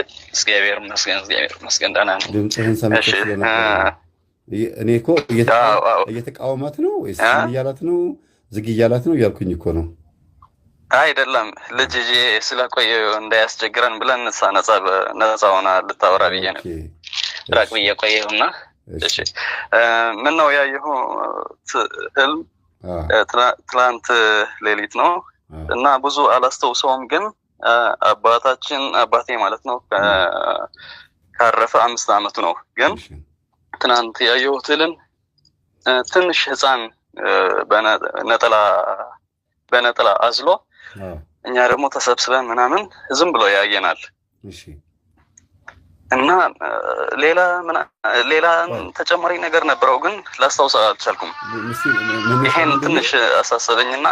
እግዚአብሔር ይመስገን፣ እግዚአብሔር ይመስገን ደህና ነኝ። ድምፅህን ሰምቼ ስለነበረ እኔ እኮ እየተቃወማት ነው ወይስ እያላት ነው ዝግ እያላት ነው እያልኩኝ እኮ ነው። አይደለም ልጅ ይዤ ስለቆየ እንዳያስቸግረን ብለን ነፃ ነፃ ሆና ልታወራ ብዬ ነው ራቅ ብዬ ቆየሁና፣ ምን ነው ያየሁ ህልም ትላንት ሌሊት ነው እና ብዙ አላስተውሰውም ግን አባታችን አባቴ ማለት ነው ካረፈ አምስት አመቱ ነው። ግን ትናንት ያየሁት ትንሽ ህፃን በነጠላ በነጠላ አዝሎ እኛ ደግሞ ተሰብስበን ምናምን ዝም ብሎ ያየናል እና ሌላ ሌላ ተጨማሪ ነገር ነበረው ግን ላስታውስ አልቻልኩም። ይሄን ትንሽ አሳሰበኝና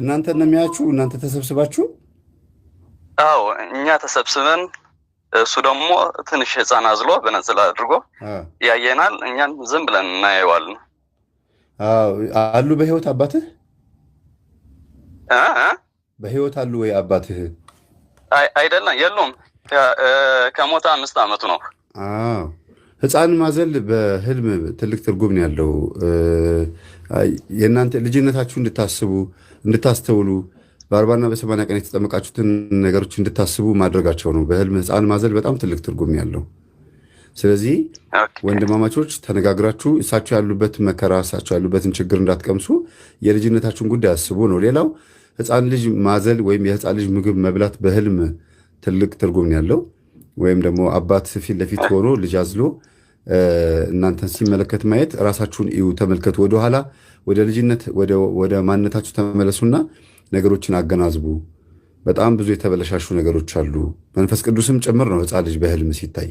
እናንተ እናንተ ተሰብስባችሁ አዎ እኛ ተሰብስበን እሱ ደግሞ ትንሽ ህፃን አዝሎ በነጽል አድርጎ ያየናል። እኛን ዝም ብለን እናየዋለን። አሉ በህይወት አባትህ በህይወት አሉ ወይ አባትህ? አይደለም የሉም። ከሞተ አምስት ዓመቱ ነው። ህፃን ማዘል በህልም ትልቅ ትርጉም ነው ያለው። የእናንተ ልጅነታችሁ እንድታስቡ እንድታስተውሉ በአርባና በሰማንያ ቀን የተጠመቃችሁትን ነገሮች እንድታስቡ ማድረጋቸው ነው። በህልም ህፃን ማዘል በጣም ትልቅ ትርጉም ያለው። ስለዚህ ወንድማማቾች ተነጋግራችሁ እሳቸው ያሉበትን መከራ እሳቸው ያሉበትን ችግር እንዳትቀምሱ የልጅነታችሁን ጉዳይ አስቡ ነው። ሌላው ህፃን ልጅ ማዘል ወይም የህፃን ልጅ ምግብ መብላት በህልም ትልቅ ትርጉም ያለው ወይም ደግሞ አባት ፊት ለፊት ሆኖ ልጅ አዝሎ እናንተን ሲመለከት ማየት ራሳችሁን እዩ፣ ተመልከቱ፣ ወደኋላ ወደ ልጅነት ወደ ማንነታችሁ ተመለሱና ነገሮችን አገናዝቡ። በጣም ብዙ የተበለሻሹ ነገሮች አሉ። መንፈስ ቅዱስም ጭምር ነው ህፃን ልጅ በህልም ሲታይ።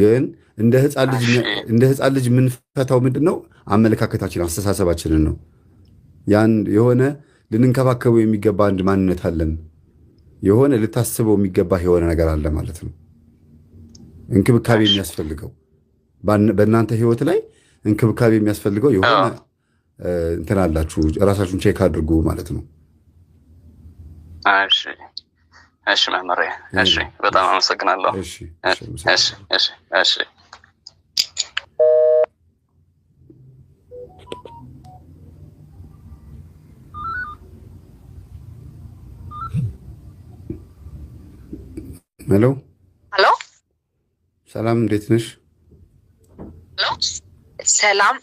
ግን እንደ ህፃን ልጅ የምንፈታው ምንድን ነው? አመለካከታችን፣ አስተሳሰባችንን ነው። ያን የሆነ ልንንከባከበው የሚገባ አንድ ማንነት አለን። የሆነ ልታስበው የሚገባ የሆነ ነገር አለ ማለት ነው። እንክብካቤ የሚያስፈልገው በእናንተ ህይወት ላይ እንክብካቤ የሚያስፈልገው የሆነ እንትን አላችሁ። ራሳችሁን ቼክ አድርጉ ማለት ነው። እሺ እሺ መምህሬ እሺ፣ በጣም አመሰግናለሁ። እሺ እሺ እሺ ሄሎ ሄሎ፣ ሰላም እንዴት ነሽ? ሰላም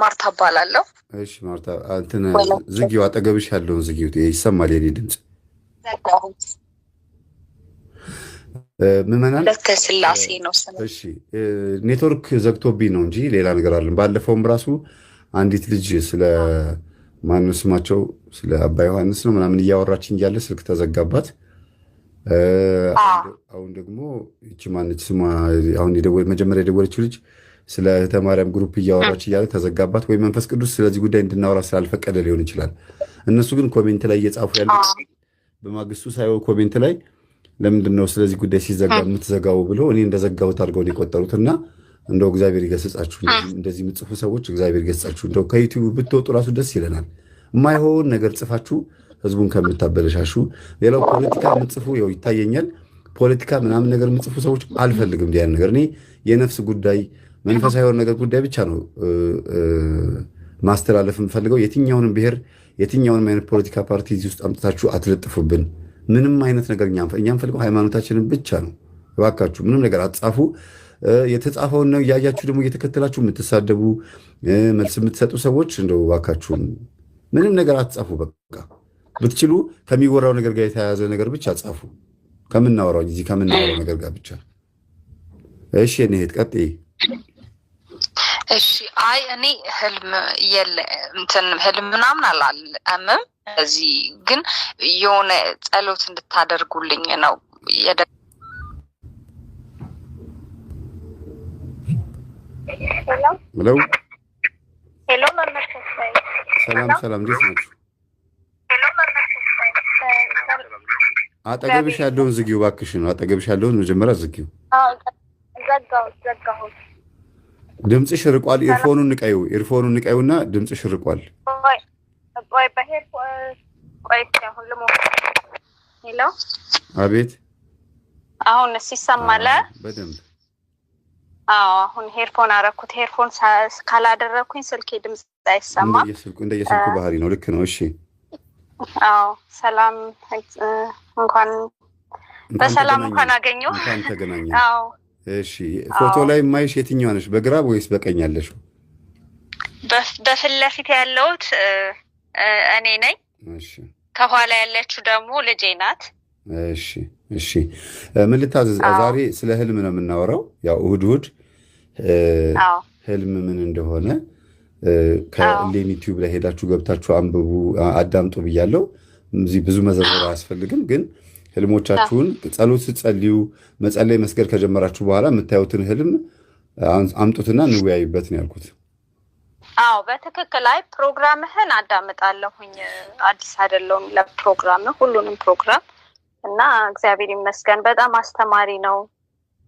ማርታ እባላለሁ። እሺ ማርታ፣ እንትን ዝጊው፣ አጠገብሽ ያለውን ዝጊው፣ ይሰማል የኔ ድምፅ ምመናን ስላሴ ነው። እሺ ኔትወርክ ዘግቶብኝ ነው እንጂ ሌላ ነገር አለን። ባለፈውም ራሱ አንዲት ልጅ ስለ ማነው ስማቸው ስለ አባ ዮሐንስ ነው ምናምን እያወራችን እያለ ስልክ ተዘጋባት። አሁን ደግሞ ይቺ ማነች ስማ አሁን መጀመሪያ የደወለችው ልጅ ስለ ተማሪያም ግሩፕ እያወራች እያለ ተዘጋባት። ወይ መንፈስ ቅዱስ ስለዚህ ጉዳይ እንድናወራ ስላልፈቀደ ሊሆን ይችላል። እነሱ ግን ኮሜንት ላይ እየጻፉ ያሉት በማግስቱ ሳይሆን ኮሜንት ላይ ለምንድን ነው ስለዚህ ጉዳይ ሲዘጋ የምትዘጋው ብሎ እኔ እንደዘጋሁት አድርገው ነው የቆጠሩት። እና እንደው እግዚአብሔር ይገሰጻችሁ፣ እንደዚህ የምጽፉ ሰዎች እግዚአብሔር ይገሰጻችሁ። እንደው ከዩቲዩብ ብትወጡ ራሱ ደስ ይለናል። የማይሆን ነገር ጽፋችሁ ህዝቡን ከምታበለሻሹ። ሌላው ፖለቲካ የምጽፉ ው ይታየኛል። ፖለቲካ ምናምን ነገር የምጽፉ ሰዎች አልፈልግም። እንዲህ ነገር እኔ የነፍስ ጉዳይ መንፈሳዊ የሆነ ነገር ጉዳይ ብቻ ነው ማስተላለፍ የምፈልገው የትኛውንም ብሔር የትኛውንም አይነት ፖለቲካ ፓርቲ እዚህ ውስጥ አምጥታችሁ አትለጥፉብን። ምንም አይነት ነገር እኛ ንፈልገው ሃይማኖታችንን ብቻ ነው። እባካችሁ ምንም ነገር አትጻፉ። የተጻፈውን ነው እያያችሁ ደግሞ እየተከተላችሁ የምትሳደቡ መልስ የምትሰጡ ሰዎች እንደው እባካችሁ ምንም ነገር አትጻፉ። በቃ ብትችሉ ከሚወራው ነገር ጋር የተያያዘ ነገር ብቻ ጻፉ። ከምናወራው እዚህ ከምናወራው ነገር ጋር ብቻ እሺ። እኔ ሄድ እሺ አይ እኔ ህልም የለ እንትን ህልም ምናምን አላምም። እዚህ ግን የሆነ ጸሎት እንድታደርጉልኝ ነው የደ ሄሎ ሄሎ፣ ሰላም ሰላም፣ እንዴት ናችሁ? አጠገብሽ ያለውን ዝጊው እባክሽ ነው። አጠገብሽ ያለውን መጀመሪያ ዝጊው። ዘጋሁት ዘጋሁት ድምፅሽ ርቋል። ኤርፎኑን ንቀዩ፣ ኤርፎኑን ንቀዩና ድምፅሽ ርቋል። አቤት፣ አሁን ሲሰማለ በደንብ አዎ። አሁን ሄርፎን አረኩት። ሄርፎን ካላደረግኩኝ ስልኬ ድምፅ አይሰማ። እንደየስልኩ ባህሪ ነው። ልክ ነው። እሺ። አዎ። ሰላም እንኳን በሰላም እንኳን አገኘሁ። አዎ እሺ ፎቶ ላይ የማይሽ የትኛዋ ነሽ? በግራ ወይስ በቀኝ ያለሽ? በፊት ለፊት ያለሁት እኔ ነኝ። እሺ ከኋላ ያለችው ደግሞ ልጄ ናት። እሺ እሺ። ምን ልታዘዝ? ዛሬ ስለ ህልም ነው የምናወራው። ያው እሁድ እሑድ ህልም ምን እንደሆነ ከሌኒ ዩቲዩብ ላይ ሄዳችሁ ገብታችሁ አንብቡ፣ አዳምጡ ብያለሁ። እዚህ ብዙ መዘርዘር አያስፈልግም ግን ህልሞቻችሁን ጸሎት ስትጸልዩ መጸለይ መስገድ ከጀመራችሁ በኋላ የምታዩትን ህልም አምጡትና እንወያይበት ነው ያልኩት። አዎ በትክክል አይ ፕሮግራምህን አዳምጣለሁኝ። አዲስ አይደለሁም ለፕሮግራም ሁሉንም ፕሮግራም እና እግዚአብሔር ይመስገን በጣም አስተማሪ ነው።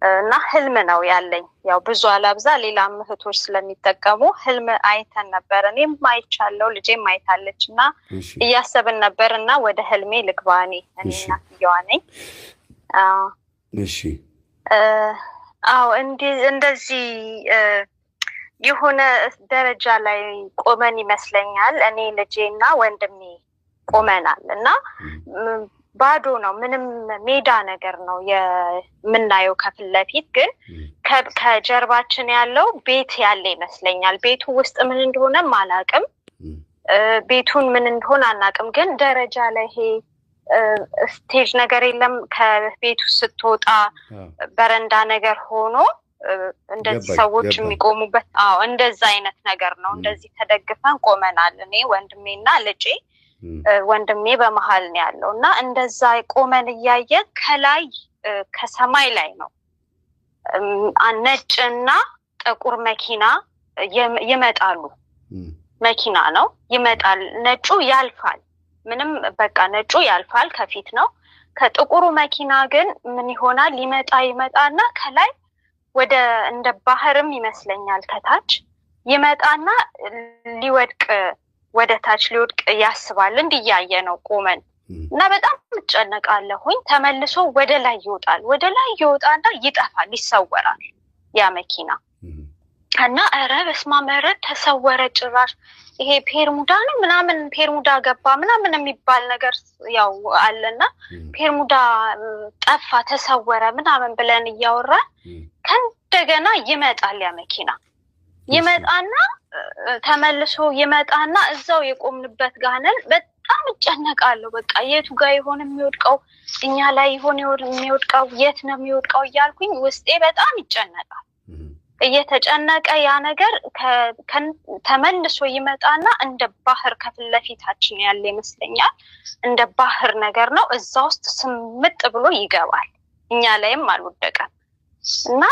እና ህልም ነው ያለኝ። ያው ብዙ አላብዛ፣ ሌላም እህቶች ስለሚጠቀሙ ህልም አይተን ነበር። እኔም አይቻለው፣ ልጄም አይታለች እና እያሰብን ነበር እና ወደ ህልሜ ልግባ። እኔ እናትየዋ ነኝ። እሺ። አዎ እንደዚህ የሆነ ደረጃ ላይ ቆመን ይመስለኛል። እኔ ልጄና ወንድሜ ቆመናል እና ባዶ ነው። ምንም ሜዳ ነገር ነው የምናየው ከፊት ለፊት ግን ከጀርባችን ያለው ቤት ያለ ይመስለኛል። ቤቱ ውስጥ ምን እንደሆነም አላቅም። ቤቱን ምን እንደሆነ አናቅም። ግን ደረጃ ላይ ይሄ ስቴጅ ነገር የለም። ከቤቱ ስትወጣ በረንዳ ነገር ሆኖ እንደዚህ ሰዎች የሚቆሙበት፣ አዎ እንደዛ አይነት ነገር ነው። እንደዚህ ተደግፈን ቆመናል። እኔ ወንድሜና ልጄ ወንድሜ በመሀል ነው ያለው እና እንደዛ ቆመን እያየ ከላይ ከሰማይ ላይ ነው ነጭና ጥቁር መኪና ይመጣሉ። መኪና ነው ይመጣል። ነጩ ያልፋል። ምንም በቃ ነጩ ያልፋል፣ ከፊት ነው። ከጥቁሩ መኪና ግን ምን ይሆናል? ይመጣ ይመጣና ከላይ ወደ እንደ ባህርም ይመስለኛል ከታች ይመጣና ሊወድቅ ወደ ታች ሊወድቅ ያስባል። እንዲያየ ነው ቆመን እና በጣም እጨነቃለሁኝ። ተመልሶ ወደ ላይ ይወጣል። ወደ ላይ ይወጣና ይጠፋል፣ ይሰወራል ያ መኪና እና ኧረ በስመ አብ ኧረ ተሰወረ። ጭራሽ ይሄ ፔርሙዳ ነው ምናምን ፔርሙዳ ገባ ምናምን የሚባል ነገር ያው አለና ፔርሙዳ ጠፋ፣ ተሰወረ ምናምን ብለን እያወራን ከእንደገና ይመጣል ያ መኪና ይመጣና ተመልሶ ይመጣና እዛው የቆምንበት ጋነን በጣም እጨነቃለሁ። በቃ የቱ ጋር ይሆን የሚወድቀው? እኛ ላይ ይሆን የሚወድቀው? የት ነው የሚወድቀው እያልኩኝ ውስጤ በጣም ይጨነቃል። እየተጨነቀ ያ ነገር ተመልሶ ይመጣና እንደ ባህር ከፊት ለፊታችን ያለ ይመስለኛል። እንደ ባህር ነገር ነው። እዛ ውስጥ ስምጥ ብሎ ይገባል። እኛ ላይም አልወደቀም። እና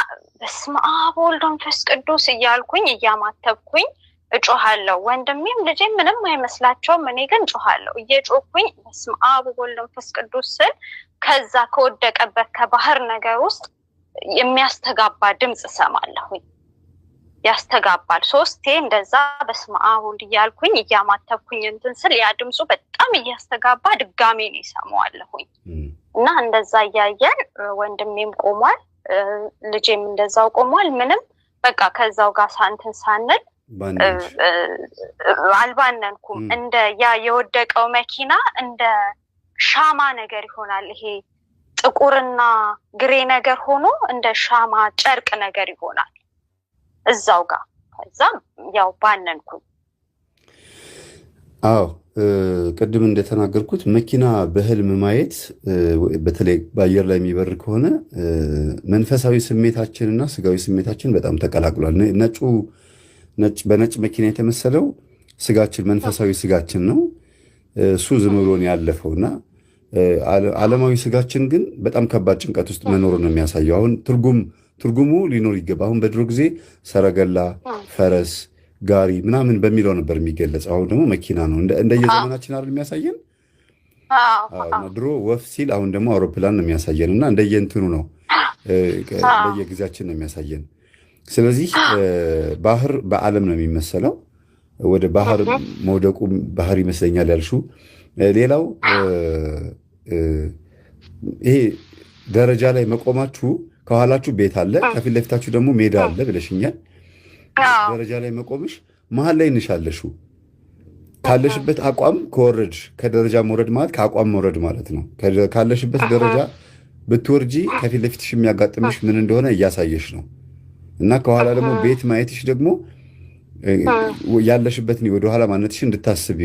በስመ አብ ወወልድ ወመንፈስ ቅዱስ እያልኩኝ እያማተብኩኝ እጮሃለሁ። ወንድሜም ልጄ ምንም አይመስላቸውም። እኔ ግን እጮሃለሁ። እየጮኩኝ በስመ አብ ወወልድ ወመንፈስ ቅዱስ ስል ከዛ ከወደቀበት ከባህር ነገር ውስጥ የሚያስተጋባ ድምፅ እሰማለሁኝ። ያስተጋባል ሶስቴ እንደዛ በስመ አብ ወልድ እያልኩኝ እያማተብኩኝ እንትን ስል ያ ድምፁ በጣም እያስተጋባ ድጋሜ ነው ይሰማዋለሁኝ። እና እንደዛ እያየን ወንድሜም ቆሟል። ልጄም እንደዛው ቆሟል። ምንም በቃ ከዛው ጋር ሳንትን ሳንል አልባነንኩም። እንደ ያ የወደቀው መኪና እንደ ሻማ ነገር ይሆናል። ይሄ ጥቁርና ግሬ ነገር ሆኖ እንደ ሻማ ጨርቅ ነገር ይሆናል እዛው ጋር። ከዛም ያው ባነንኩኝ። አዎ ቅድም እንደተናገርኩት መኪና በህልም ማየት በተለይ በአየር ላይ የሚበር ከሆነ መንፈሳዊ ስሜታችንና ስጋዊ ስሜታችን በጣም ተቀላቅሏል። በነጭ መኪና የተመሰለው ስጋችን መንፈሳዊ ስጋችን ነው። እሱ ዝም ብሎን ያለፈውና ዓለማዊ ስጋችን ግን በጣም ከባድ ጭንቀት ውስጥ መኖሩን ነው የሚያሳየው። አሁን ትርጉም ትርጉሙ ሊኖር ይገባ። አሁን በድሮ ጊዜ ሰረገላ፣ ፈረስ ጋሪ ምናምን በሚለው ነበር የሚገለጽ። አሁን ደግሞ መኪና ነው እንደየዘመናችን አይደል የሚያሳየን። ድሮ ወፍ ሲል አሁን ደግሞ አውሮፕላን ነው የሚያሳየን እና እንደየእንትኑ ነው በየጊዜያችን ነው የሚያሳየን። ስለዚህ ባህር በዓለም ነው የሚመሰለው። ወደ ባህር መውደቁ ባህር ይመስለኛል ያልሹ። ሌላው ይሄ ደረጃ ላይ መቆማችሁ ከኋላችሁ ቤት አለ፣ ከፊት ለፊታችሁ ደግሞ ሜዳ አለ ብለሽኛል። ደረጃ ላይ መቆምሽ መሀል ላይ እንሻለሹ ካለሽበት አቋም ከወረድ ከደረጃ መውረድ ማለት ከአቋም መውረድ ማለት ነው። ካለሽበት ደረጃ ብትወርጂ ከፊት ለፊትሽ የሚያጋጥምሽ ምን እንደሆነ እያሳየሽ ነው እና ከኋላ ደግሞ ቤት ማየትሽ ደግሞ ያለሽበትን ወደኋላ ማነትሽ እንድታስቢ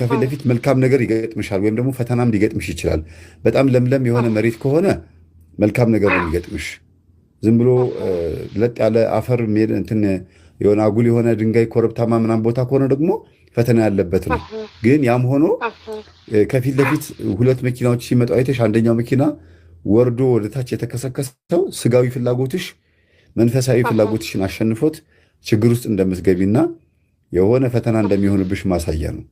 ከፊት ለፊት መልካም ነገር ይገጥምሻል፣ ወይም ደግሞ ፈተናም ሊገጥምሽ ይችላል። በጣም ለምለም የሆነ መሬት ከሆነ መልካም ነገር ነው የሚገጥምሽ። ዝም ብሎ ለጥ ያለ አፈር እንትን የሆነ አጉል የሆነ ድንጋይ ኮረብታማ ምናምን ቦታ ከሆነ ደግሞ ፈተና ያለበት ነው። ግን ያም ሆኖ ከፊት ለፊት ሁለት መኪናዎች ሲመጡ አይተሽ አንደኛው መኪና ወርዶ ወደ ታች የተከሰከሰው ስጋዊ ፍላጎትሽ መንፈሳዊ ፍላጎትሽን አሸንፎት ችግር ውስጥ እንደምትገቢና የሆነ ፈተና እንደሚሆንብሽ ማሳያ ነው።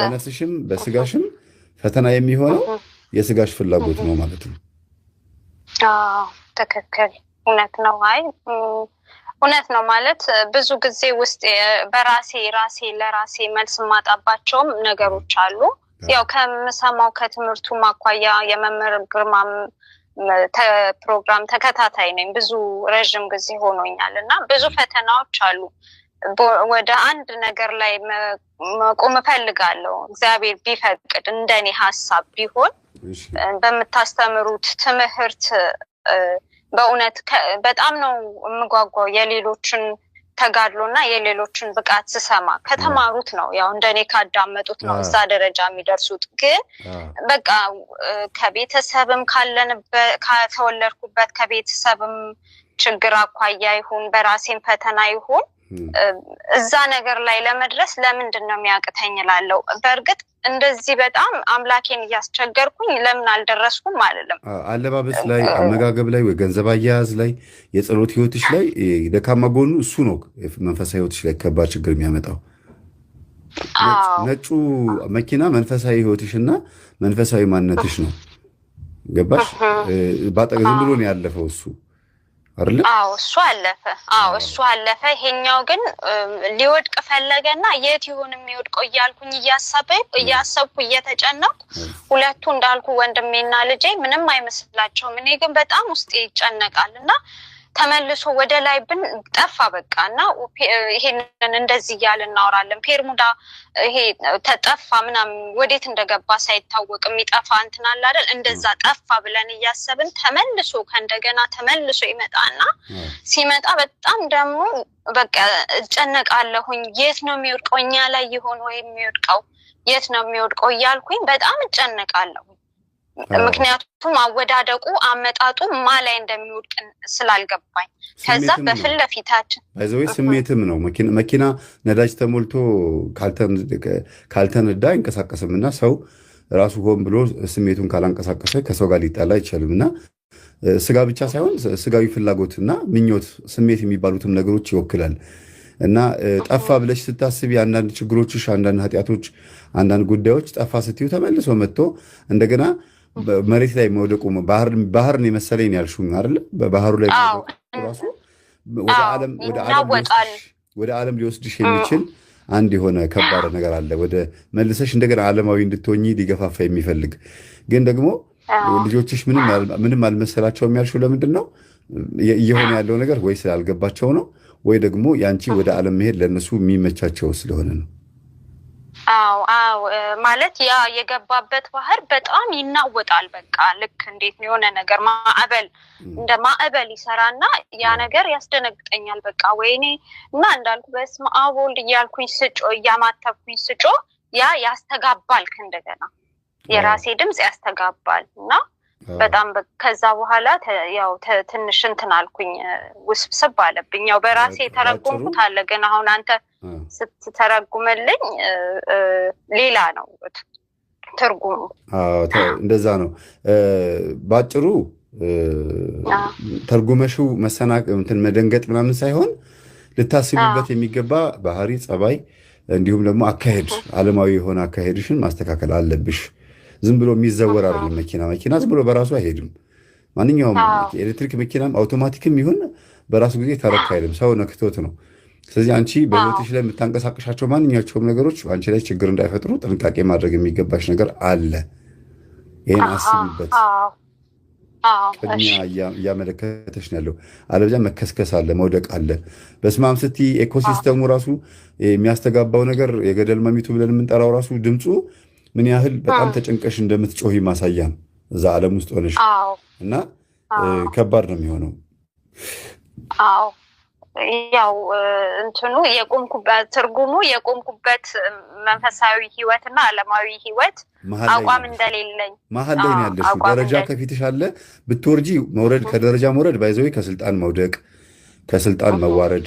በነፍስሽም በስጋሽም ፈተና የሚሆነው የስጋሽ ፍላጎት ነው ማለት ነው። ትክክል፣ እውነት ነው። አይ እውነት ነው ማለት ብዙ ጊዜ ውስጥ በራሴ ራሴ ለራሴ መልስ ማጣባቸውም ነገሮች አሉ። ያው ከምሰማው ከትምህርቱ ማኳያ የመምህር ግርማም ፕሮግራም ተከታታይ ነኝ። ብዙ ረዥም ጊዜ ሆኖኛል እና ብዙ ፈተናዎች አሉ። ወደ አንድ ነገር ላይ መቆም እፈልጋለሁ እግዚአብሔር ቢፈቅድ እንደኔ ሀሳብ ቢሆን በምታስተምሩት ትምህርት በእውነት በጣም ነው የምጓጓው የሌሎችን ተጋድሎ እና የሌሎችን ብቃት ስሰማ ከተማሩት ነው ያው እንደኔ ካዳመጡት ነው እዛ ደረጃ የሚደርሱት። ግን በቃ ከቤተሰብም ከተወለድኩበት ከቤተሰብም ችግር አኳያ ይሁን በራሴም ፈተና ይሁን እዛ ነገር ላይ ለመድረስ ለምንድን ነው የሚያቅተኝ ላለው በእርግጥ እንደዚህ በጣም አምላኬን እያስቸገርኩኝ ለምን አልደረስኩም አልልም። አለባበስ ላይ፣ አመጋገብ ላይ፣ ወይ ገንዘብ አያያዝ ላይ፣ የጸሎት ህይወትሽ ላይ ደካማ ጎኑ እሱ ነው። መንፈሳዊ ህይወትሽ ላይ ከባድ ችግር የሚያመጣው ነጩ መኪና መንፈሳዊ ህይወትሽ እና መንፈሳዊ ማንነትሽ ነው። ገባሽ? ዝም ብሎ ነው ያለፈው እሱ አይደለ? አዎ እሱ አለፈ። አዎ እሱ አለፈ። ይሄኛው ግን ሊወድቅ ፈለገና የት ይሁን የሚወድቀው እያልኩኝ እያሰብኩ እየተጨነኩ፣ ሁለቱ እንዳልኩ ወንድሜና ልጄ ምንም አይመስላቸውም። እኔ ግን በጣም ውስጤ ይጨነቃል እና ተመልሶ ወደ ላይ ብን ጠፋ በቃ እና ይሄንን እንደዚህ እያል እናወራለን። ፔርሙዳ ይሄ ተጠፋ ምናምን ወዴት እንደገባ ሳይታወቅ የሚጠፋ እንትን አለ አይደል? እንደዛ ጠፋ ብለን እያሰብን ተመልሶ ከእንደገና ተመልሶ ይመጣና ሲመጣ በጣም ደግሞ በቃ እጨነቃለሁኝ። የት ነው የሚወድቀው? እኛ ላይ ይሆን ወይም የሚወድቀው የት ነው የሚወድቀው እያልኩኝ በጣም እጨነቃለሁኝ። ምክንያቱም አወዳደቁ አመጣጡ ማ ላይ እንደሚወድቅ ስላልገባኝ ከዛ በፊት ለፊታችን ይዘ ስሜትም ነው። መኪና ነዳጅ ተሞልቶ ካልተነዳ አይንቀሳቀስም እና ሰው ራሱ ሆን ብሎ ስሜቱን ካላንቀሳቀሰ ከሰው ጋር ሊጣላ አይቻልም እና ስጋ ብቻ ሳይሆን ስጋዊ ፍላጎትና ምኞት፣ ስሜት የሚባሉትም ነገሮች ይወክላል እና ጠፋ ብለሽ ስታስቢ አንዳንድ ችግሮችሽ፣ አንዳንድ ኃጢአቶች፣ አንዳንድ ጉዳዮች ጠፋ ስትዩ ተመልሶ መጥቶ እንደገና መሬት ላይ መውደቁ ባህርን የመሰለኝ ያልሹኝ አይደለ? በባህሩ ላይ ራሱ ወደ ዓለም ሊወስድሽ የሚችል አንድ የሆነ ከባድ ነገር አለ። ወደ መልሰሽ እንደገና ዓለማዊ እንድትሆኝ ሊገፋፋ የሚፈልግ ግን ደግሞ ልጆችሽ ምንም አልመሰላቸውም ያልሽው ለምንድን ነው? እየሆነ ያለው ነገር ወይ ስላልገባቸው ነው ወይ ደግሞ ያንቺ ወደ ዓለም መሄድ ለእነሱ የሚመቻቸው ስለሆነ ነው። አዎ አዎ ማለት ያ የገባበት ባህር በጣም ይናወጣል። በቃ ልክ እንዴት ነው የሆነ ነገር ማዕበል እንደ ማዕበል ይሰራና ያ ነገር ያስደነግጠኛል። በቃ ወይኔ እና እንዳልኩ በስመ አብ ወልድ እያልኩኝ ስጮ እያማተብኩኝ ስጮ ያ ያስተጋባልክ እንደገና የራሴ ድምፅ ያስተጋባል እና በጣም ከዛ በኋላ ያው ትንሽ እንትን አልኩኝ፣ ውስብስብ አለብኝ። ያው በራሴ የተረጉምኩት አለ፣ ግን አሁን አንተ ስትተረጉምልኝ ሌላ ነው ትርጉሙ። እንደዛ ነው ባጭሩ። ተርጉመሽው መሰናቅ እንትን መደንገጥ ምናምን ሳይሆን ልታስቢበት የሚገባ ባህሪ፣ ጸባይ እንዲሁም ደግሞ አካሄድ፣ አለማዊ የሆነ አካሄድሽን ማስተካከል አለብሽ ዝም ብሎ የሚዘወር አይደለም። መኪና መኪና ዝም ብሎ በራሱ አይሄድም። ማንኛውም ኤሌክትሪክ መኪናም አውቶማቲክም ይሁን በራሱ ጊዜ ተረክ አይልም፣ ሰው ነክቶት ነው። ስለዚህ አንቺ በህይወትሽ ላይ የምታንቀሳቀሻቸው ማንኛቸውም ነገሮች አንቺ ላይ ችግር እንዳይፈጥሩ ጥንቃቄ ማድረግ የሚገባሽ ነገር አለ። ይህን አስብበት። ቅድሚያ እያመለከተች ነው ያለው። አለበዚያ መከስከስ አለ፣ መውደቅ አለ። በስማም ስቲ ኤኮሲስተሙ ራሱ የሚያስተጋባው ነገር የገደል ማሚቱ ብለን የምንጠራው ራሱ ድምፁ ምን ያህል በጣም ተጨንቀሽ እንደምትጮህ ማሳያ ነው። እዛ ዓለም ውስጥ ሆነሽ እና ከባድ ነው የሚሆነው። አዎ ያው እንትኑ የቆምኩበት ትርጉሙ የቆምኩበት መንፈሳዊ ህይወት እና ዓለማዊ ህይወት አቋም እንደሌለኝ መሀል ላይ ያለሽ። ደረጃ ከፊትሽ አለ። ብትወርጂ መውረድ ከደረጃ መውረድ ባይዘዊ ከስልጣን መውደቅ ከስልጣን መዋረድ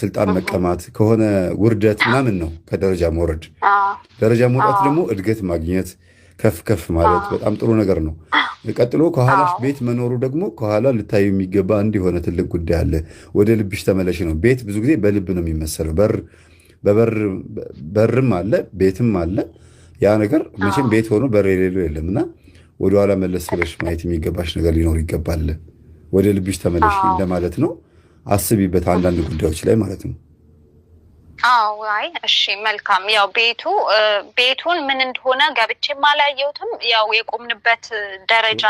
ስልጣን መቀማት ከሆነ ውርደት ምናምን ነው ከደረጃ መውረድ። ደረጃ መውጣት ደግሞ እድገት ማግኘት ከፍ ከፍ ማለት በጣም ጥሩ ነገር ነው። ቀጥሎ ከኋላሽ ቤት መኖሩ ደግሞ ከኋላ ልታዩ የሚገባ የሆነ ትልቅ ጉዳይ አለ። ወደ ልብሽ ተመለሽ ነው። ቤት ብዙ ጊዜ በልብ ነው የሚመሰለው። በርም አለ ቤትም አለ። ያ ነገር መቼም ቤት ሆኖ በር የሌለው የለም እና ወደኋላ መለስ ብለሽ ማየት የሚገባሽ ነገር ሊኖር ይገባል። ወደ ልብሽ ተመለሽ እንደማለት ነው። አስቢበት፣ አንዳንድ ጉዳዮች ላይ ማለት ነው። አዎ አይ እሺ መልካም ያው ቤቱ ቤቱን ምን እንደሆነ ገብቼ አላየሁትም። ያው የቆምንበት ደረጃ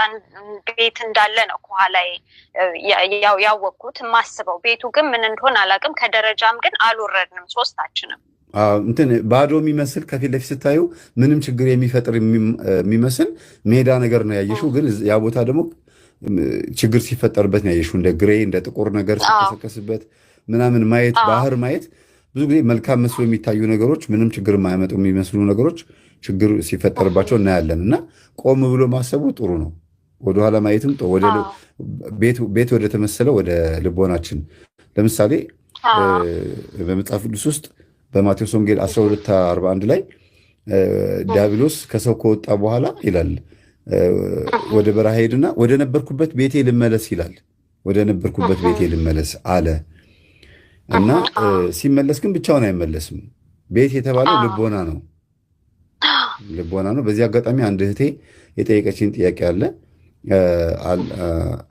ቤት እንዳለ ነው ከኋላ ያው ያወቅኩት የማስበው ቤቱ ግን ምን እንደሆነ አላውቅም። ከደረጃም ግን አልወረድንም ሶስታችንም እንትን ባዶ የሚመስል ከፊት ለፊት ስታዩ ምንም ችግር የሚፈጥር የሚመስል ሜዳ ነገር ነው ያየሽው። ግን ያ ቦታ ደግሞ ችግር ሲፈጠርበት ነው ያየሽው። እንደ ግሬ እንደ ጥቁር ነገር ሲከሰከስበት ምናምን ማየት ባህር ማየት ብዙ ጊዜ መልካም መስሎ የሚታዩ ነገሮች ምንም ችግር የማያመጡ የሚመስሉ ነገሮች ችግር ሲፈጠርባቸው እናያለን። እና ቆም ብሎ ማሰቡ ጥሩ ነው። ወደኋላ ማየትም ቤት ወደ ተመሰለ ወደ ልቦናችን ለምሳሌ በመጽሐፍ ቅዱስ ውስጥ በማቴዎስ ወንጌል 1241 ላይ ዲያብሎስ ከሰው ከወጣ በኋላ ይላል ወደ በረሃ ሄድና ወደ ነበርኩበት ቤቴ ልመለስ ይላል። ወደ ነበርኩበት ቤቴ ልመለስ አለ እና ሲመለስ ግን ብቻውን አይመለስም። ቤት የተባለው ልቦና ነው፣ ልቦና ነው። በዚህ አጋጣሚ አንድ እህቴ የጠየቀችን ጥያቄ አለ።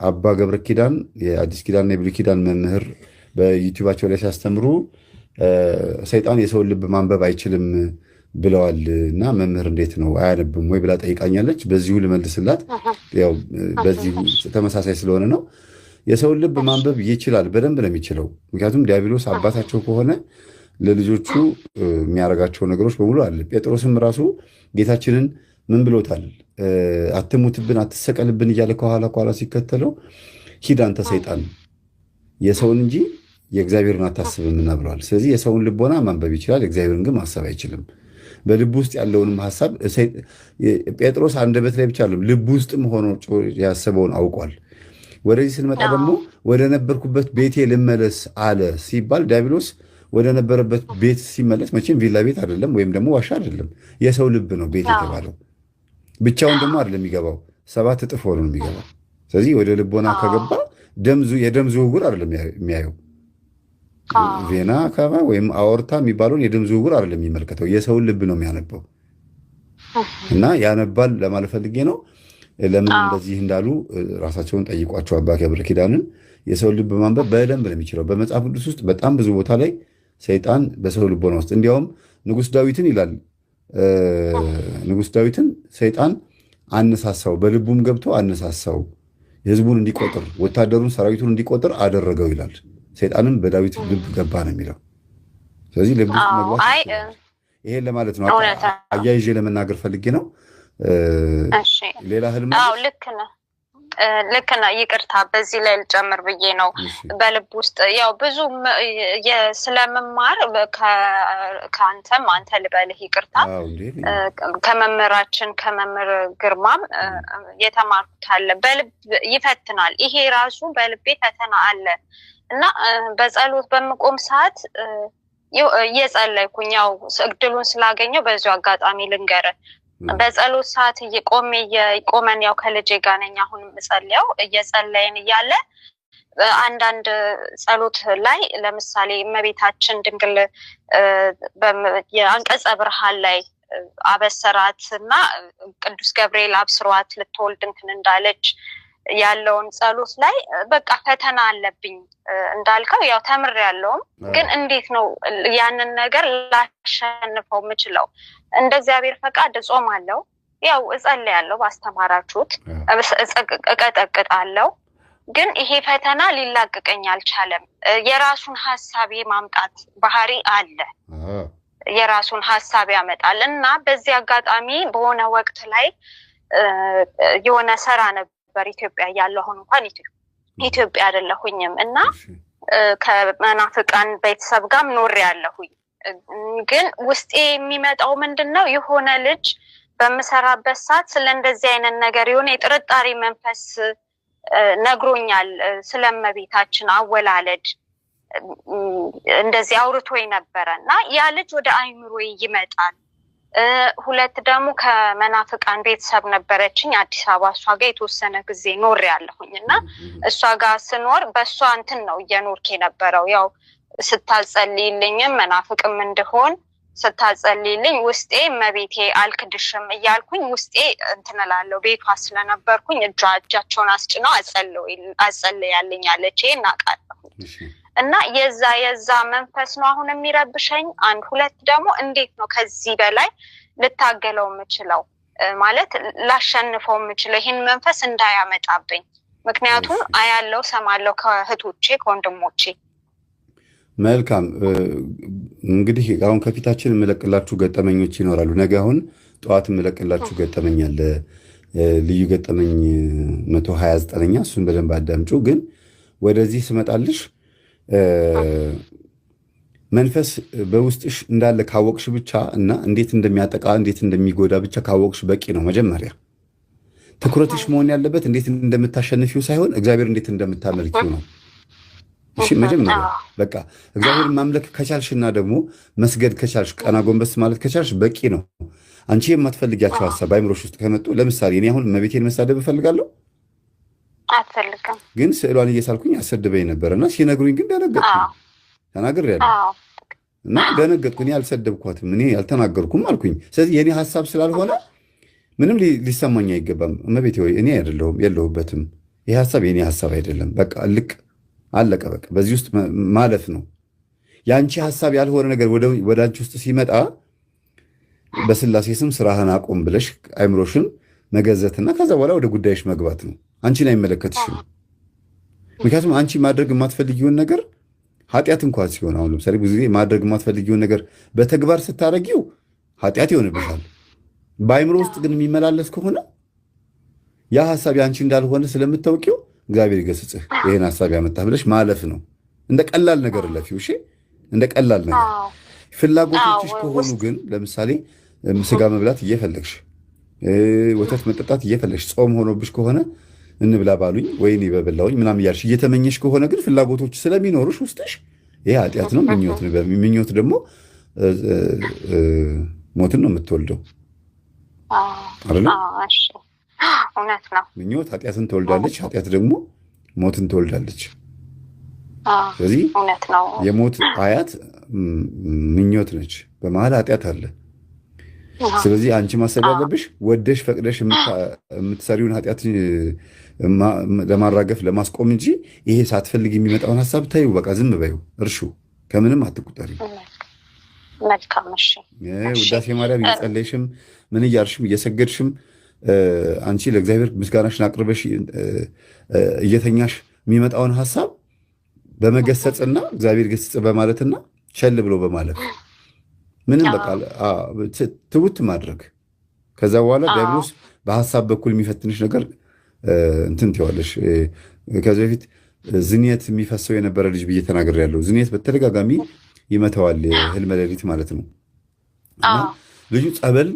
አባ ገብረ ኪዳን የአዲስ ኪዳንና የብሉይ ኪዳን መምህር በዩቲዩባቸው ላይ ሲያስተምሩ ሰይጣን የሰውን ልብ ማንበብ አይችልም ብለዋል እና መምህር እንዴት ነው አያነብም ወይ ብላ ጠይቃኛለች። በዚሁ ልመልስላት፣ ያው በዚሁ ተመሳሳይ ስለሆነ ነው። የሰውን ልብ ማንበብ ይችላል፣ በደንብ ነው የሚችለው። ምክንያቱም ዲያብሎስ አባታቸው ከሆነ ለልጆቹ የሚያደርጋቸው ነገሮች በሙሉ አለ። ጴጥሮስም ራሱ ጌታችንን ምን ብሎታል? አትሙትብን፣ አትሰቀልብን እያለ ከኋላ ከኋላ ሲከተለው ሂድ አንተ ሰይጣን የሰውን እንጂ የእግዚአብሔርን አታስብምና ብለዋል። ስለዚህ የሰውን ልቦና ማንበብ ይችላል፣ የእግዚአብሔርን ግን ማሰብ አይችልም። በልብ ውስጥ ያለውንም ሀሳብ ጴጥሮስ አንደበት ላይ ብቻ አለም ልብ ውስጥም ሆኖ ያሰበውን አውቋል። ወደዚህ ስንመጣ ደግሞ ወደ ነበርኩበት ቤቴ ልመለስ አለ ሲባል ዲያብሎስ ወደ ነበረበት ቤት ሲመለስ መቼም ቪላ ቤት አይደለም፣ ወይም ደግሞ ዋሻ አይደለም። የሰው ልብ ነው ቤት የተባለው። ብቻውን ደግሞ አይደለም የሚገባው፣ ሰባት እጥፍ ሆኖ ነው የሚገባው። ስለዚህ ወደ ልቦና ከገባ የደም ዝውውር አይደለም የሚያየው ቬና ካቫ ወይም አወርታ የሚባለውን የደም ዝውውር አይደለም የሚመለከተው፣ የሰውን ልብ ነው የሚያነበው። እና ያነባል ለማለት ፈልጌ ነው። ለምን እንደዚህ እንዳሉ ራሳቸውን ጠይቋቸው። አባ ገብረ ኪዳንን የሰው ልብ ማንበብ በደንብ ነው የሚችለው። በመጽሐፍ ቅዱስ ውስጥ በጣም ብዙ ቦታ ላይ ሰይጣን በሰው ልቦና ውስጥ እንዲያውም ንጉስ ዳዊትን ይላል ንጉስ ዳዊትን ሰይጣን አነሳሳው፣ በልቡም ገብቶ አነሳሳው፣ ህዝቡን እንዲቆጥር ወታደሩን ሰራዊቱን እንዲቆጥር አደረገው ይላል። ሰይጣንም በዳዊት ልብ ገባ ነው የሚለው። ስለዚህ ልብ መግባት ይሄን ለማለት ነው። አያይዤ ለመናገር ፈልጌ ነው። ሌላ ህልም ልክ ነህ ልክ ነህ። ይቅርታ በዚህ ላይ ልጨምር ብዬ ነው። በልብ ውስጥ ያው ብዙ ስለመማር ከአንተም አንተ ልበልህ ይቅርታ፣ ከመምህራችን ከመምህር ግርማም የተማርኩት አለ። በልብ ይፈትናል። ይሄ ራሱ በልቤ ፈተና አለ እና በጸሎት በምቆም ሰዓት እየጸለይኩኝ ያው እድሉን ስላገኘው በዚሁ አጋጣሚ ልንገር በጸሎት ሰዓት እየቆሜ የቆመን ያው ከልጄ ጋር ነኝ አሁን የምጸልየው እየጸለይን እያለ አንዳንድ ጸሎት ላይ ለምሳሌ እመቤታችን ድንግል የአንቀጸ ብርሃን ላይ አበሰራት እና ቅዱስ ገብርኤል አብስሯት ልትወልድ እንትን እንዳለች ያለውን ጸሎት ላይ በቃ ፈተና አለብኝ እንዳልከው ያው ተምር ያለውም ግን እንዴት ነው ያንን ነገር ላሸንፈው የምችለው? እንደ እግዚአብሔር ፈቃድ እጾም አለው ያው እጸልያለሁ፣ ባስተማራችሁት አለው። ግን ይሄ ፈተና ሊላቅቀኝ አልቻለም። የራሱን ሀሳብ የማምጣት ባህሪ አለ። የራሱን ሀሳብ ያመጣል እና በዚህ አጋጣሚ በሆነ ወቅት ላይ የሆነ ሰራ ነበር ነበር ኢትዮጵያ እያለሁ። አሁን እንኳን ኢትዮጵያ አይደለሁኝም እና ከመናፍቃን ቤተሰብ ጋር ኖር ያለሁኝ ግን ውስጤ የሚመጣው ምንድን ነው የሆነ ልጅ በምሰራበት ሰዓት ስለ እንደዚህ አይነት ነገር የሆነ የጥርጣሬ መንፈስ ነግሮኛል። ስለመቤታችን አወላለድ እንደዚህ አውርቶ ነበረ እና ያ ልጅ ወደ አይምሮ ይመጣል ሁለት ደግሞ ከመናፍቃን ቤተሰብ ነበረችኝ አዲስ አበባ። እሷ ጋር የተወሰነ ጊዜ ኖር ያለሁኝ እና እሷ ጋር ስኖር በእሷ እንትን ነው እየኖርክ የነበረው ያው ስታጸልይልኝም መናፍቅም እንድሆን ስታጸልይልኝ ውስጤ መቤቴ አልክድሽም እያልኩኝ ውስጤ እንትንላለው ቤቷ ስለነበርኩኝ እጇ እጃቸውን አስጭነው አለች። ይሄን አውቃለሁ። እና የዛ የዛ መንፈስ ነው አሁን የሚረብሸኝ። አንድ ሁለት ደግሞ እንዴት ነው ከዚህ በላይ ልታገለው የምችለው ማለት ላሸንፈው የምችለው ይህን መንፈስ እንዳያመጣብኝ። ምክንያቱም አያለው ሰማለው ከእህቶቼ ከወንድሞቼ። መልካም እንግዲህ አሁን ከፊታችን የምለቅላችሁ ገጠመኞች ይኖራሉ። ነገ አሁን ጠዋት የምለቅላችሁ ገጠመኝ አለ ልዩ ገጠመኝ መቶ ሀያ ዘጠነኛ እሱን በደንብ አዳምጩ። ግን ወደዚህ ስመጣልሽ መንፈስ በውስጥሽ እንዳለ ካወቅሽ ብቻ እና እንዴት እንደሚያጠቃ እንዴት እንደሚጎዳ ብቻ ካወቅሽ በቂ ነው። መጀመሪያ ትኩረትሽ መሆን ያለበት እንዴት እንደምታሸንፊው ሳይሆን እግዚአብሔር እንዴት እንደምታመልኪው ነው። እሺ መጀመሪያ በቃ እግዚአብሔር ማምለክ ከቻልሽና ደግሞ መስገድ ከቻልሽ ቀና ጎንበስ ማለት ከቻልሽ በቂ ነው። አንቺ የማትፈልጊያቸው ሀሳብ በአይምሮሽ ውስጥ ከመጡ ለምሳሌ እኔ አሁን መቤቴን መሳደብ እፈልጋለሁ አትፈልግም ግን ስዕሏን እየሳልኩኝ አሰድበኝ ነበር እና ሲነግሩኝ ግን ተናግር ያለ እና ደነገጥኩኝ። አልሰደብኳትም፣ እኔ አልተናገርኩም አልኩኝ። ስለዚህ የእኔ ሀሳብ ስላልሆነ ምንም ሊሰማኝ አይገባም። እመቤቴ ወይ እኔ አይደለሁም የለሁበትም። ይህ ሀሳብ የእኔ ሀሳብ አይደለም። በቃ ልቅ አለቀ። በቃ በዚህ ውስጥ ማለፍ ነው። የአንቺ ሀሳብ ያልሆነ ነገር ወደ አንቺ ውስጥ ሲመጣ በስላሴ ስም ስራህን አቆም ብለሽ አይምሮሽን መገዘትና ከዛ በኋላ ወደ ጉዳይሽ መግባት ነው። አንቺን አይመለከትሽም። ምክንያቱም አንቺ ማድረግ የማትፈልጊውን ነገር ኃጢአት እንኳን ሲሆን አሁን ለምሳሌ ብዙ ጊዜ ማድረግ የማትፈልጊውን ነገር በተግባር ስታደረጊው ኃጢአት ይሆንብሻል። በአይምሮ ውስጥ ግን የሚመላለስ ከሆነ ያ ሀሳብ አንቺ እንዳልሆነ ስለምታውቂው እግዚአብሔር ይገስጽህ፣ ይህን ሀሳቢ ያመጣህ ብለሽ ማለፍ ነው። እንደ ቀላል ነገር ለፊው እሺ፣ እንደ ቀላል ነገር። ፍላጎቶችሽ ከሆኑ ግን ለምሳሌ ስጋ መብላት እየፈለግሽ ወተት መጠጣት እየፈለግሽ ጾም ሆኖብሽ ከሆነ እንብላ ባሉኝ ወይ በበላውኝ ምናም ምናምን እያልሽ እየተመኘሽ ከሆነ ግን ፍላጎቶች ስለሚኖሩሽ ውስጥሽ ይህ ኃጢአት ነው፣ ምኞት ነው። ምኞት ደግሞ ሞትን ነው የምትወልደው ምኞት ኃጢአትን ትወልዳለች፣ ኃጢአት ደግሞ ሞትን ትወልዳለች። ስለዚህ የሞት አያት ምኞት ነች። በመሀል ኃጢአት አለ። ስለዚህ አንቺ ማሰብ ያለብሽ ወደሽ ፈቅደሽ የምትሰሪውን ኃጢአት ለማራገፍ ለማስቆም እንጂ ይሄ ሳትፈልግ የሚመጣውን ሀሳብ ታዩ፣ በቃ ዝም በዩ፣ እርሹ፣ ከምንም አትቁጠሪ። ውዳሴ ማርያም እየጸለይሽም ምን እያልሽም እየሰገድሽም አንቺ ለእግዚአብሔር ምስጋናሽን አቅርበሽ እየተኛሽ የሚመጣውን ሀሳብ በመገሰጽና እግዚአብሔር ገስጽ በማለትና ቸል ብሎ በማለት ምንም በቃ ትውት ማድረግ ከዛ በኋላ ዲያብሎስ በሀሳብ በኩል የሚፈትንሽ ነገር እንትን ትዋለሽ። ከዚህ በፊት ዝኔት የሚፈሰው የነበረ ልጅ ብዬ ተናገር ያለው ዝኔት በተደጋጋሚ ይመተዋል፣ ህልመ ሌሊት ማለት ነው። ልጁ ጸበል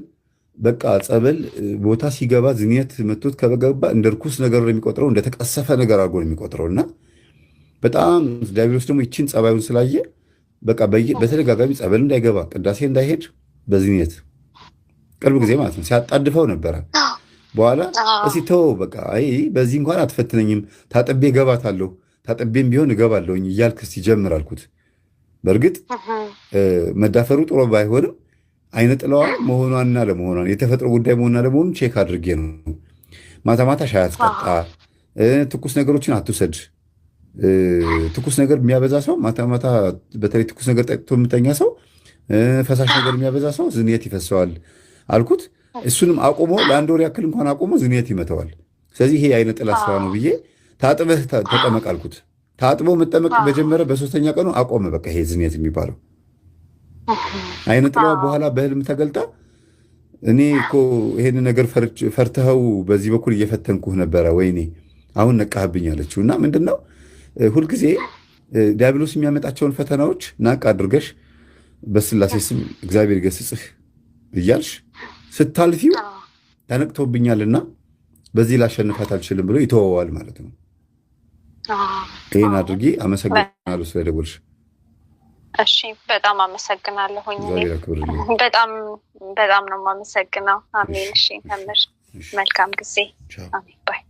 በቃ ጸበል ቦታ ሲገባ ዝኔት መቶት ከበገባ እንደ ርኩስ ነገር ነው የሚቆጥረው፣ እንደተቀሰፈ ነገር አድርጎ ነው የሚቆጥረው። እና በጣም ዲያብሎስ ደግሞ ይችን ጸባዩን ስላየ በቃ በተደጋጋሚ ጸበል እንዳይገባ ቅዳሴ እንዳይሄድ በዝኔት ቅርብ ጊዜ ማለት ነው ሲያጣድፈው ነበረ። በኋላ እስኪ ተው በቃ አይ በዚህ እንኳን አትፈትነኝም፣ ታጥቤ እገባታለሁ፣ ታጥቤም ቢሆን እገባለሁኝ እያልክ እስኪ ጀምር አልኩት። በእርግጥ መዳፈሩ ጥሩ ባይሆንም አይነ ጥለዋ መሆኗና ለመሆኗን የተፈጥሮ ጉዳይ መሆኗ ለመሆኑ ቼክ አድርጌ ነው። ማታ ማታ ሻይ አትጠጣ፣ ትኩስ ነገሮችን አትውሰድ። ትኩስ ነገር የሚያበዛ ሰው ማታ ማታ በተለይ ትኩስ ነገር ጠጥቶ የምተኛ ሰው፣ ፈሳሽ ነገር የሚያበዛ ሰው ዝንየት ይፈሰዋል አልኩት። እሱንም አቁሞ ለአንድ ወር ያክል እንኳን አቁሞ ዝንየት ይመተዋል። ስለዚህ ይሄ የዓይነ ጥላ ስራ ነው ብዬ ታጥበህ ተጠመቅ አልኩት። ታጥቦ መጠመቅ በጀመረ በሶስተኛ ቀኑ አቆመ። በቃ ይሄ ዝንየት የሚባለው አይነ ጥላ በኋላ በህልም ተገልጣ እኔ እኮ ይሄን ነገር ፈርተኸው በዚህ በኩል እየፈተንኩህ ነበረ፣ ወይኔ አሁን ነቃህብኝ አለችው። እና ምንድን ነው ሁልጊዜ ዲያብሎስ የሚያመጣቸውን ፈተናዎች ናቅ አድርገሽ በስላሴ ስም እግዚአብሔር ገስጽህ እያልሽ ስታልፊው ተነቅቶብኛልና በዚህ ላሸንፋት አልችልም ብሎ ይተወዋል ማለት ነው። ይህን አድርጊ። አመሰግናለሁ ስለደወልሽ። እሺ፣ በጣም አመሰግናለሁኝ። በጣም በጣም ነው የማመሰግነው። አሜን። እሺ፣ መልካም ጊዜ። አሜን ባይ